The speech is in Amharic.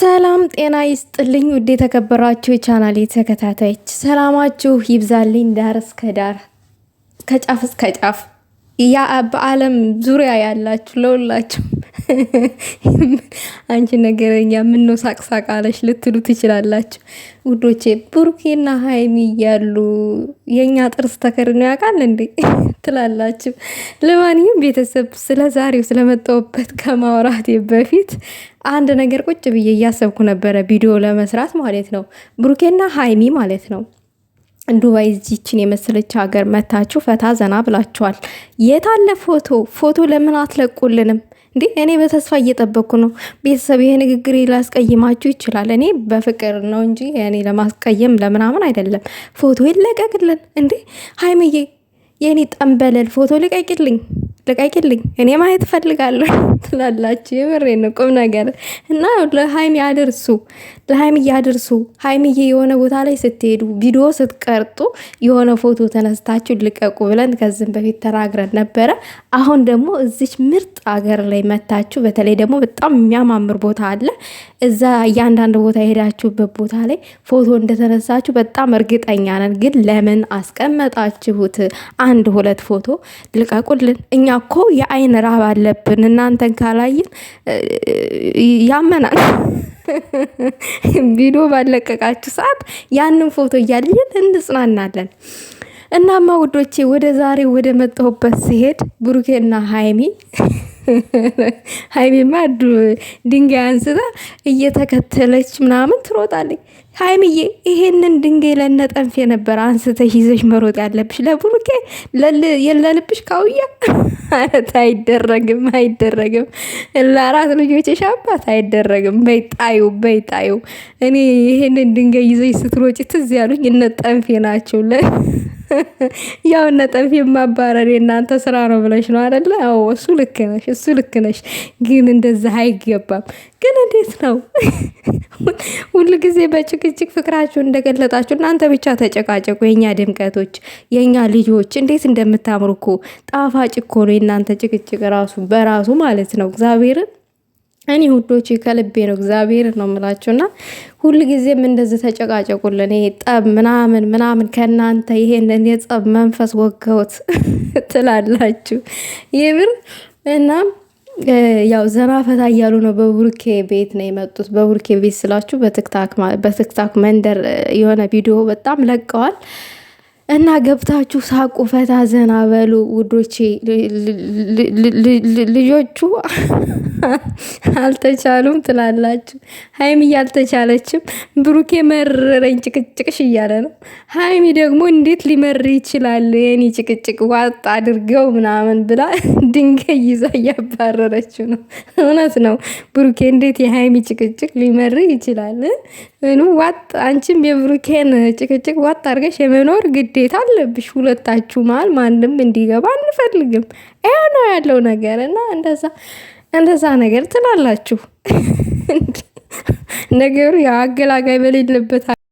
ሰላም ጤና ይስጥልኝ። ውድ የተከበራችሁ የቻናል ተከታታዮች ሰላማችሁ ይብዛልኝ። ዳር እስከ ዳር ከጫፍ እስከ ጫፍ ያ በዓለም ዙሪያ ያላችሁ ለሁላችሁ አንቺ ነገረኛ ምን ነው ሳቅሳቃለሽ ልትሉ ትችላላችሁ ውዶቼ። ብሩኬና ሀይሚ እያሉ የእኛ ጥርስ ተከድኖ ያውቃል እንዴ ትላላችሁ። ለማንኛውም ቤተሰብ ስለ ዛሬው ስለመጣሁበት ከማውራቴ በፊት አንድ ነገር ቁጭ ብዬ እያሰብኩ ነበረ ቪዲዮ ለመስራት ማለት ነው። ብሩኬና ሀይሚ ማለት ነው ዱባይ እዚችን የመሰለች ሀገር መታችሁ ፈታ ዘና ብላችኋል። አለ ፎቶ? ፎቶ ለምን አትለቁልንም? እንዴ እኔ በተስፋ እየጠበቅኩ ነው። ቤተሰብ ይሄ ንግግር ላስቀይማችሁ ይችላል። እኔ በፍቅር ነው እንጂ እኔ ለማስቀየም ለምናምን አይደለም። ፎቶ ይለቀቅልን እንዴ። ሀይምዬ የእኔ ጠንበለል ፎቶ ልቀቂልኝ። ልቀቂልኝ እኔ ማየት እፈልጋለሁ ትላላችሁ። የምሬ ነው ቁም ነገር እና ለሀይሚ አድርሱ፣ ለሀይሚ እያድርሱ። ሀይሚዬ የሆነ ቦታ ላይ ስትሄዱ ቪዲዮ ስትቀርጡ የሆነ ፎቶ ተነስታችሁ ልቀቁ ብለን ከዚህም በፊት ተናግረን ነበረ። አሁን ደግሞ እዚች ምርጥ አገር ላይ መታችሁ። በተለይ ደግሞ በጣም የሚያማምር ቦታ አለ። እዛ እያንዳንድ ቦታ የሄዳችሁበት ቦታ ላይ ፎቶ እንደተነሳችሁ በጣም እርግጠኛ ነን። ግን ለምን አስቀመጣችሁት? አንድ ሁለት ፎቶ ልቀቁልን እኛ እኮ የአይን ረሃብ አለብን። እናንተን ካላየን ያመናል። ቪዲዮ ባለቀቃችሁ ሰዓት ያንን ፎቶ እያለየን እንጽናናለን። እናማ ውዶቼ ወደ ዛሬ ወደ መጣሁበት ሲሄድ ብሩኬና ሀይሚ ሀይሚማ ድንጋይ አንስታ እየተከተለች ምናምን ትሮጣለች። ሀይምዬ ይሄንን ድንጋይ ለነጠንፍ የነበረ አንስተ ይዘሽ መሮጥ ያለብሽ። ለቡሩኬ የለልብሽ ካውያ አነት አይደረግም፣ አይደረግም። ለአራት ልጆችሽ አባት አይደረግም። በይጣዩ በይጣዩ። እኔ ይሄንን ድንጋይ ይዘሽ ስትሮጭ ትዝ ያሉኝ እነ ጠንፌ ናቸው። ያው እነ ጠንፌ የእናንተ ስራ ነው ብለሽ ነው አደለ? አዎ፣ እሱ ልክ ነሽ፣ እሱ ልክ ነሽ። ግን እንደዛ አይገባም። ግን እንዴት ነው ሁልጊዜ በጭቅጭቅ ፍቅራችሁ እንደገለጣችሁ እናንተ ብቻ ተጨቃጨቁ። የእኛ ድምቀቶች፣ የእኛ ልጆች እንዴት እንደምታምሩ እኮ ጣፋጭ እኮ ነው የእናንተ ጭቅጭቅ ራሱ በራሱ ማለት ነው። እግዚአብሔርን እኔ ውዶች ከልቤ ነው እግዚአብሔር ነው ምላችሁና፣ የምላችሁና ሁልጊዜም እንደዚህ ተጨቃጨቁልን። ይሄ ጠብ ምናምን ምናምን ከእናንተ ይሄንን የጸብ መንፈስ ወገውት ትላላችሁ ይብር እናም ያው ዘና ፈታ እያሉ ነው። በቡርኬ ቤት ነው የመጡት። በቡርኬ ቤት ስላችሁ በትክታክ መንደር የሆነ ቪዲዮ በጣም ለቀዋል። እና ገብታችሁ ሳቁ፣ ፈታ፣ ዘና በሉ ውዶቼ። ልጆቹ አልተቻሉም ትላላችሁ። ሀይሚ እያልተቻለችም ብሩኬ መረረኝ ጭቅጭቅሽ እያለ ነው። ሀይሚ ደግሞ እንዴት ሊመር ይችላል የኔ ጭቅጭቅ ዋጥ አድርገው ምናምን ብላ ድንጋይ ይዛ እያባረረችው ነው። እውነት ነው ብሩኬ፣ እንዴት የሀይሚ ጭቅጭቅ ሊመር ይችላል? ዋጥ አንቺም የብሩኬን ጭቅጭቅ ዋጥ አድርገሽ የመኖር ግድ ግዴታ አለብሽ። ሁለታችሁ መሀል ማንም እንዲገባ አንፈልግም። ያ ነው ያለው ነገር እና እንደዛ እንደዛ ነገር ትላላችሁ። ነገሩ የአገላጋይ አገላጋይ በሌለበት